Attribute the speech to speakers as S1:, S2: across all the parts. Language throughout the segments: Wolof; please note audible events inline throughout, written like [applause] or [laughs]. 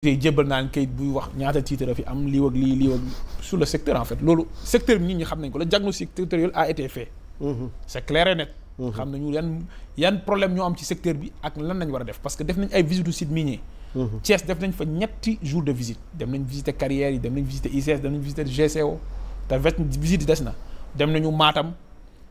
S1: tey jébbal naa leen kayit buy wax ñaata titre fi am lii wag lii lii wag sur le secteur en fait loolu secteur bi nit ñi xam nañ ko la diagnostic sectoriel a été fait. Mm-hmm. c'est clair et net. Mm-hmm. xam nañu yan problème ñoo am ci secteur bi ak lan nañ war def parce que def nañ ay visites site minier. Mm-hmm. Thiès def nañ fa ñetti jours de visite dem nañ visiter carrières yi dem nañ visiter ICS dem nañ visiter GCO te vet visite des na dem nañu maatam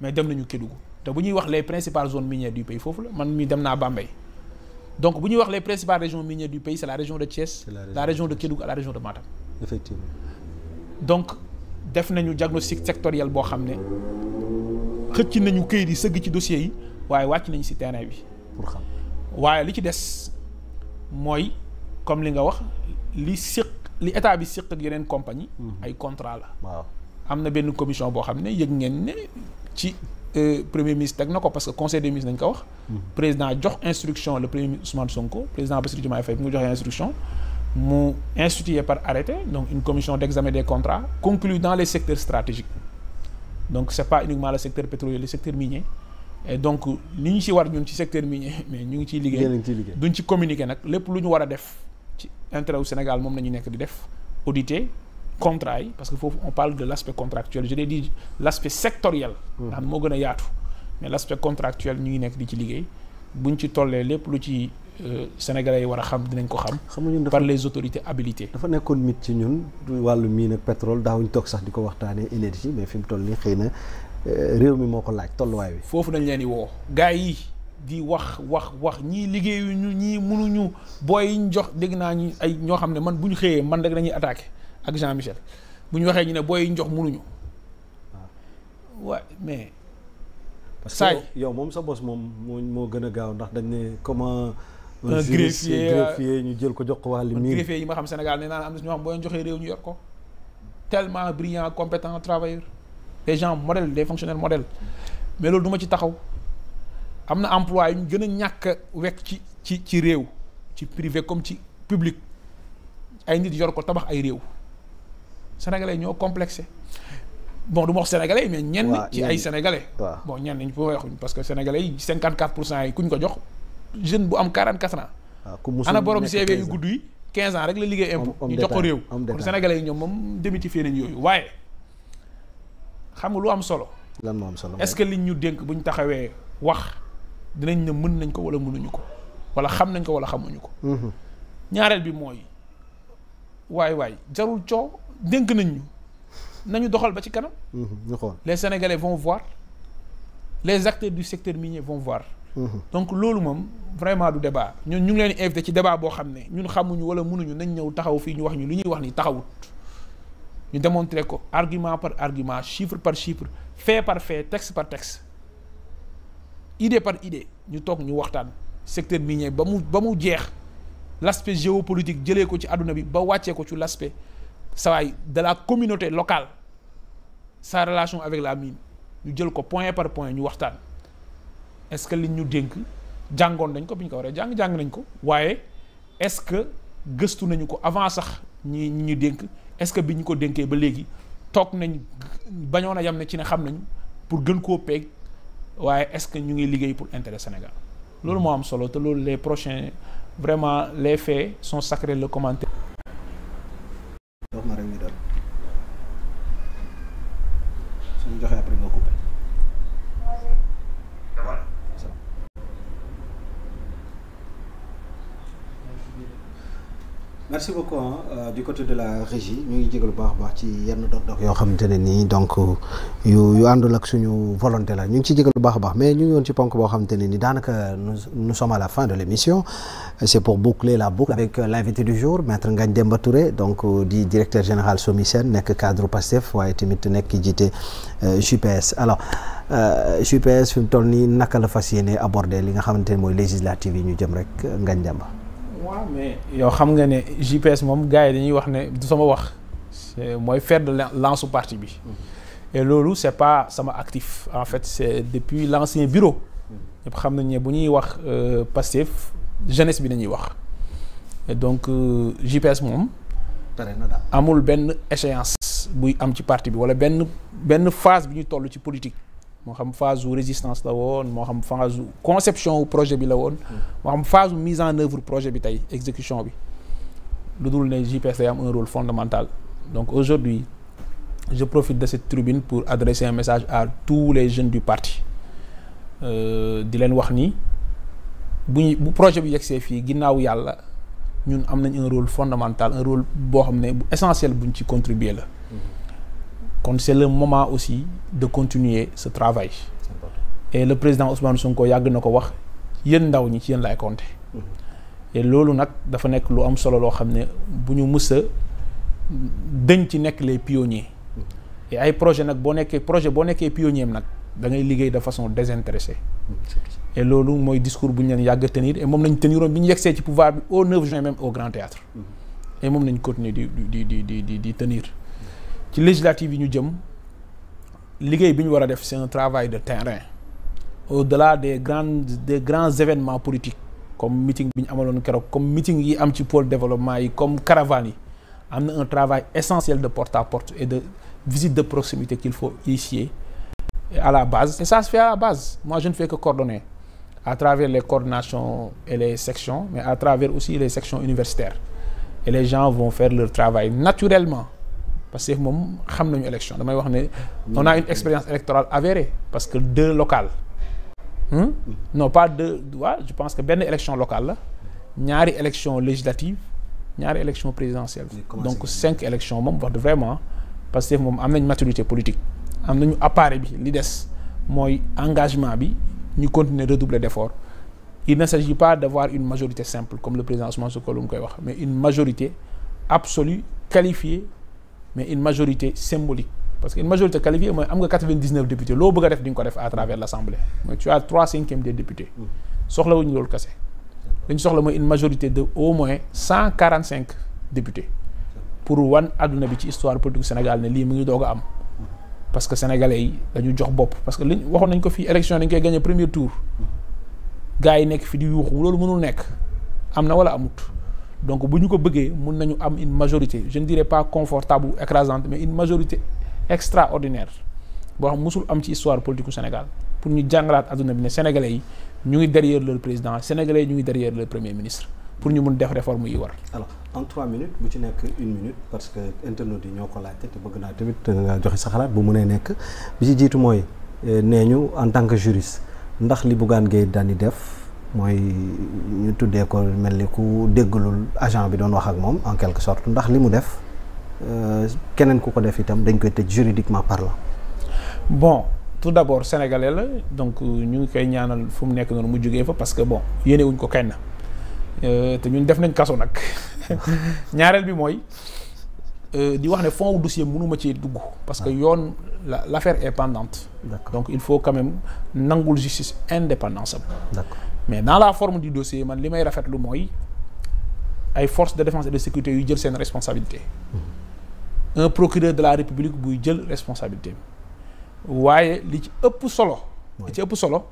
S1: mais dem nañu Kédougou te bu ñuy wax les principales zones minières du pays foofu la man mii dem naa Bambey. donc bu ñuy wax les principales régions minières du pays la région de Thiès. la région, la région de Kédougou la région de Matam. donc def nañu diagnostic sectoriel boo xam ne xëcc nañu këyit yi sëgg ci dossiers yi waaye wàcc nañu si terrain bi. pour xam waaye li ci des mooy comme li nga wax li siq li état bi siq ak yeneen compagnie mm-hmm. ay contrat la. waaw am na benn commission boo xam ne yëg ngeen ne. ci euh, premier ministre teg na ko parce que conseil des ministres nañ ko wax. Mm-hmm. président jox instruction le premier ministre Ousmane Sonko président Bassirou Diomaye Faye bi mu joxee instruction. mu institué par arrêté donc une commission d'examen des contrats conclue dans les secteurs stratégiques donc c'est pas uniquement le secteur pétrolier le secteur minier et donc ni ñu ci war ñun ci secteur minier [laughs] mais ñu ngi ciy liggéey duñ ci communiquer nag lépp lu ñu war a def ci wu Sénégal moom la ñu nekk di def auditer contrat yi parce que foofu on parle de l' aspect contractuel je l'ai dit l' aspect mm-hmm. moo gën a yaatu mais l' aspect contractuel ñu ngi nekk di ci liggéey ñu ci tollee lépp lu ci euh, sénégalais yi war a xam dinañ ko xam par les autorités habilitées
S2: dafa nekkoon mit ci ñun wàllu mine ak pétrole daawuñ toog sax di ko waxtaanee énergie mais fi toll nii xëy na euh, réew mi moo ko laaj tolluwaay bi
S1: foofu dañ leen di woo gars yi di wax wax wax ñii liggéeyuñu ñii mënuñu booy jox dégg naa ñu ay ñoo xam ne man bu ñu xëyee man rek dañuy attaqué ak Jean Michel bu ñu waxee ñu ne booy njox mënuñu. waa ah. mais. saay parce
S2: yow moom sa bos moom moo moo gën a gaaw ndax dañ ne comment. un greffier euh, greffier ñu jël ko jox ko wàllu miin greffier
S1: yi ma xam Sénégal nee naa am na ñoo xam boo leen joxee réew ñu yor ko. tellement brillant compétent travailleur des gens modèles des fonctionnaires modèles mais loolu duma ci taxaw am na emploi yu ñu gën a ñàkk wekk ci ci ci réew ci privé comme ci public ay nit yor ko tabax ay réew. sénégalais ñoo complexé bon du ma wax sénégalais mais ñenn ci ay sénégalais bon ñenn ñu po wax parce que sénégalais yi cinquante quatre pour cent yi ku ko jox jeune bu am quarante quatre ans ana borom CV yu gudd yi quinze rek la liggéey impôt ñu jox ko réew kon sénégalais yi ñoom moom démystifier nañ yooyu waaye xam nga lu am solo
S2: lan moo solo est-ce
S1: que li ñu dénk bu ñu taxawee wax dinañ ne mën nañ ko wala mënuñu ko wala xam nañ ko wala xamuñu ko mhm. ñaareel bi mooy waay waay jarul coow dénk nañ nañu doxal ba ci kanam.
S2: Mhm, ñu xool
S1: les sénégalais vont voir les acteurs du secteur minier vont voir. Mhm. donc loolu moom vraiment du debaa ñun ñu ngi leen invité ci débat boo xam ne ñun xamuñu wala mënuñu nañ ñëw taxaw fii ñu wax ñu li ñuy wax ni taxawut. ñu démontrer ko argument par argument chiffre par chiffre fait par fait texte par texte idée par idée ñu toog ñu waxtaan secteur minier ba mu ba mu jeex l' aspect géopolitique jëlee ko ci àdduna bi ba wàccee ko ci laspe sawaay de la communauté locale sa relation avec la mine ñu jël ko point par point ñu waxtaan est-ce que li ñu dénk jàngoon nañ ko bi ñu ko waree jàng jàng nañ ko waaye est-ce que gëstu nañu ko avant sax ñi ñi ñu dénk est-ce que bi ñu ko dénkee ba léegi toog nañ bañoon a yam ne ci ne xam nañ pour gën koo peeg waaye est-ce que ñu ngi liggéey pour intérêt Sénégal loolu moo am solo te loolu les prochains vraiment les faits son sacrés le commentaire
S2: merci beaucoup hein, euh, du côté de la régie ñu ngi jégalu baax baax ci yenn dox-dox yoo xamante ne nii donc yu yu àndul ak suñu volonté la ñu ngi ci jégalu baax a baax mais ñu ngi woon ci ponk boo xamante ne ni daanaka nous nous sommes à la fin de l'émission c'est pour boucler la boucle avec euh, l'invité du jour maître Ngagne Demba Touré donc euh, di directeur général SOMISEN nekk cadre PASTEF waaye tamit nekk ki jiite JPS alors JPS fi mu toll nii naka la fas yéene aborder li nga xamante ne mooy législative yi ñu jëm rek Ngagne Demba
S1: waaw mais yow xam nga ne GPS moom gars yi dañuy wax ne du sama wax mooy fair de lance parti bi mm. et loolu c'est pas sama actif en fait c'est depuis l'ancien bureau mm. ñëpp xam nañ ne bu ñuy wax euh, Pastef jeunesse bi nañuy wax et donc GPS euh, moom amul benn échéance buy am ci parti bi wala benn benn phase bi ñu toll ci politique moo xam phase su résistance la woon moo xam phase su conception projet bi la woon. moo xam phase mise en œuvre projet bi tey exécution bi lu dul ne JPS day am un rôle fondamental donc aujourd'hui je profite de cette tribune pour adresser un message à tous les jeunes du parti euh, di leen wax ni bu bu projet bi yegsee fii ginnaaw yàlla ñun am nañ un rôle fondamental un rôle boo xam ne bu essentiel buñ ci contribuer la. kon c'est le moment aussi de continuer ce travail et le président Ousmane Sonko yàgg na ko wax yën ndaw ñi ci yéen laay compter mhm. loolu nag dafa nekk lu am solo loo xam ne bu ñu mus a dëñ ci nekk les pionniers mhm. et ay projet nag boo nekkee projet boo nekkee pionnier am nag da ngay liggéey de façon désintéressée mhm, et loolu mooy discours bu ñu leen yàgg tenir moom nañ teniroon bi ñu yegsee ci pouvoir bi au 9 juin même au Grand Théâtre et moom nañ continuer di di di di tenir ci législative yi ñu jëm liggéey bi ñu war a def c'est un travail de terrain au-delà des grandes des grands événements politiques comme meeting bi ñu amaloon keroog comme meeting yi am ci pole développement yi comme caravane yi am na un travail essentiel de porte à porte et de visite de proximité qu'il faut initier à la base et ça se fait à la base moi je ne que coordonner à travers les coordinations et les sections mais à travers aussi les sections universitaires et les gens vont faire leur travail naturellement parce que moom xam nañu élection damay wax ne mm. on a une expérience électorale avérée parce que deux locales hmm? Mm. non pas deux je pense que benn élection locale la ñaari élection législative ñaari élection présidentielle donc cinq élections moom wax de vraiment parce que moom am nañ maturité politique am nañu appareil bi li des mooy engagement bi ñu continuer redoubler d'efforts il ne s'agit pas d'avoir une majorité simple comme le président Ousmane Sonko lu mu koy wax mais une majorité absolue qualifiée mais une majorité symbolique parce que une majorité qualifiée mooy am nga 99 loo bëgg a def di nga ko def à travers l' assemblée mooy tu as trois cinquièmes des députés mm. soxlawuñu loolu kese dañu soxla mooy une majorité de au moins 145 députés pour wan adduna bi ci histoire politique Sénégal ne lii mu ngi doog a am parce que sénégalais yi dañu jox bopp parce que liñ waxoon nañ ko fii élection dañ koy gagné premier tour gars yi nekk fi di yuuxu loolu mënul nekk am na wala amut donc bu ñu ko bëggee mun nañu am une majorité je ne dirais pas confortable ou écrasante mais une majorité extraordinaire boo xam musul am ci histoire politique u Sénégal pour ñu jàngalaat adduna bi ne sénégalais yi ñu ngi derrière leur président sénégalais yi ñu ngi derrière leur premier ministre pour ñu mun def réforme yi war. alors
S2: en trois minutes bu ci nekk une minute parce que internautes yi ñoo ko laajte te bëgg naa tamit nga joxe sa xalaat bu mënee nekk bi ci jiitu mooy eh, nee ñu en tant que juriste ndax li Bougane Gueye daan di def. mooy ñu tuddee ko mel ni ku déggalul agent bi doon wax ak moom en quelque sorte ndax li mu def euh, keneen ku ko def itam dañ koy tëj juridiquement parlant.
S1: bon tout d'abord sénégalais la donc euh, ñu ngi koy ñaanal fu mu nekk noonu mu jógee fa parce que bon yéene ko kenn euh, te ñun def nañ kaso nag [laughs] ñaareel bi mooy di wax ne fond dossier mënuma cee dugg. parce que ah. yoon la l'affaire est pendante. donc il faut quand même nangul justice indépendance am. d'accord. mais dans la forme du dossier man li may rafetlu mooy ay forces de défense et de sécurité yu jël seen responsabilité mm-hmm. un procureur de la république buy jël responsabilité waaye li ci ëpp solo. li ci ëpp solo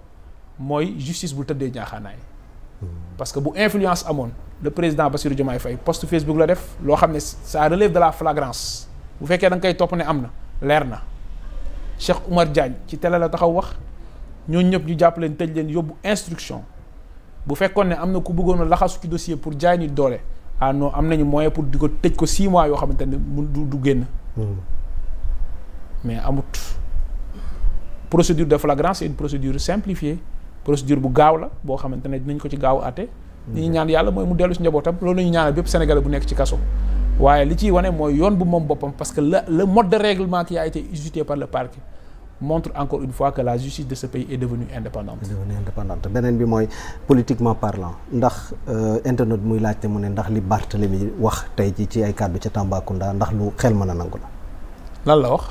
S1: mooy justice bu tëddee jaaxaanaay. Mm-hmm. parce que bu influence amoon le président Bassirou Diomaye Faye post Facebook la def loo xam ne ça relève de la flagrance bu fekkee da nga koy topp ne am na leer na Cheikh Oumar Diagne ci télé la taxaw wax ñooñu ñëpp ñu jàpp leen leen yóbbu instruction. bu fekkoon ne am na ku bëggoon a laxasu ci dossier pour jaay nit doole ah non am nañu moyen pour di ko tëj ko six mois yoo xamante ne mu du du génn. Hmm. mais amut procédure de flagrance c'est une procédure simplifiée procédure bu gaaw la boo xamante ne dinañ ko ci gaaw àtte. Hmm. li ñu ñaan yàlla mooy mu dellu si njabootam loolu la ñu ñaanal bépp sénégalais bu nekk ci kaso. waaye li ci wane mooy yoon bu moom boppam parce que la le mode de règlement qui a été usité par le montre encore une fois que la justice de ce pays est devenue indépendante. est devenue
S2: indépendante beneen bi mooy politiquement parlant ndax euh, internet muy laajte mu ne ndax li Barthélemy wax tey jii ci ay kàddu ca Tambacounda ndax lu xel mën a nangu
S1: la. lan la wax.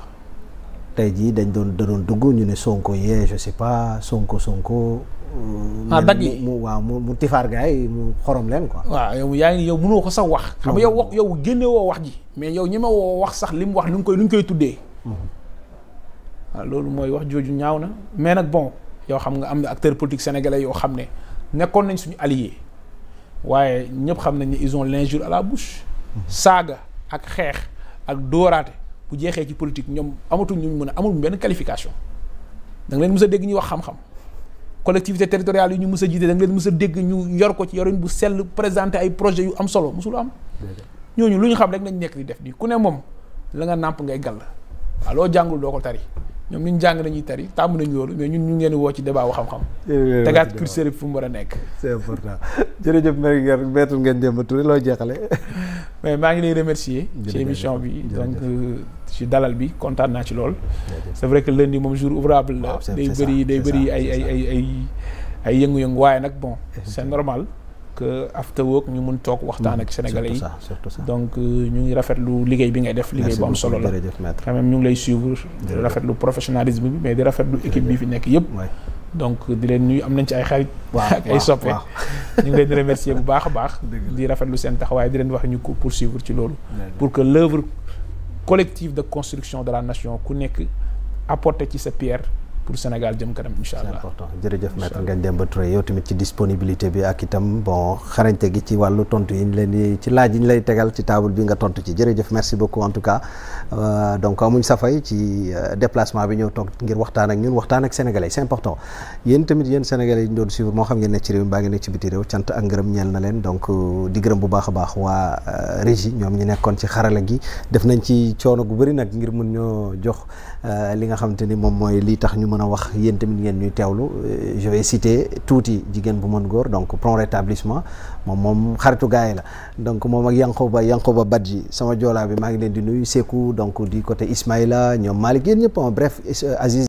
S2: tey jii dañ doon da dugg ñu ne Sonko yee je sais pas Sonko Sonko.
S1: Euh, ah dagg mu waaw mu mu tifaar gars yi mu xorom leen ko waaw yow yaa ngi yow mënoo ko sax wax. xam nga yow wax yow génne wax ji. mais yow ñi ma woo wax sax li mu wax nu ñu koy nu ñu koy tuddee. Mhm. loolu mooy wax jooju ñaaw na mais nag bon yoo xam nga am na acteur politique sénégalais yoo xam ne nekkoon nañ suñu allié waaye ñëpp xam nañ ne ils ont l'injure à la bouche saaga ak xeex ak dooraate bu jeexee ci politique ñoom amatuñ ñu mën a amul mbenn qualification da nga leen mës a dégg ñuy wax xam-xam collectivité territoriale yi ñu mës a jiite da nga leen a dégg ñu yor ko ci yorin bu sell présenté ay projet yu am solo musul am ñooñu lu ñu xam rek nañ nekk di def di ku ne moom la nga nàmp ngay gàll aloo jàngul doo ko tari ñoom li ñu jàng nañuy tari tàmm nañ loolu mais ñun ñu ngeen woo ci débat wu xam-xam tegaat curseur fu mu war a nekk c'est important
S2: [laughs] jërëjëf Marie Nguer Maître Ngagne Demba Touré loo [laughs]
S1: mais maa ngi lay remercier ci émission bi donc euh, ci dalal bi kontaan naa ci lool c'est vrai que lundi moom jour ouvrable la day bëri day bëri ay ay ay ay ay yëngu-yëngu waaye nag bon c'est normal ak after work ñu mun toog waxtaan ak mm. sénégalais yi donc euh, ñu ngi rafetlu liggéey bi ngay def liggéey bu am solo la quand même ñu ngi lay suivre di rafetlu professionnalisme bi mais di rafetlu équipe bi fi nekk yëpp donc di leen nuyu am nañ ci ay xarit [laughs] ak ay soppe [laughs] ñu ngi leen di remercier bu baax a baax [laughs] di rafetlu seen taxawaay di leen wax ñu ko poursuivre ci loolu pour que l'œuvre collective de construction de la nation ku nekk apporte ci sa pierre pour Sénégal jëm kanam incha allah.
S2: c'est yow tamit ci disponibilité bi ak itam bon xarañte gi ci wàllu tontu yi ñu leen di ci laaj yi ñu lay tegal ci table bi nga tontu ci jërëjëf merci beaucoup en tout cas euh, donc amuñ safay ci euh, déplacement bi ñëw toog ngir waxtaan ak ñun waxtaan important yéen tamit yéen sénégalais yi suivre moo xam ngeen nekk ci réew mi baa ngeen nekk ci biti réew cant ak ngërëm ñeel na leen donc euh, di gërëm bu baax a baax waa régie ñoom gi def nañ ci coono gu bëri nag ngir mun ñoo mën a wax yéen tamit ngeen ñuy teewlu euh, je citer tuuti jigéen bu mën góor donc prompt rétablissement moom moom xaritu gaay la donc moom ak Yankoba Yankoba Badji sama joolaa bi maa ngi leen di nuyu Sekou donc du côté Ismaïla ñoom Malick yéen ñëpp bref Aziz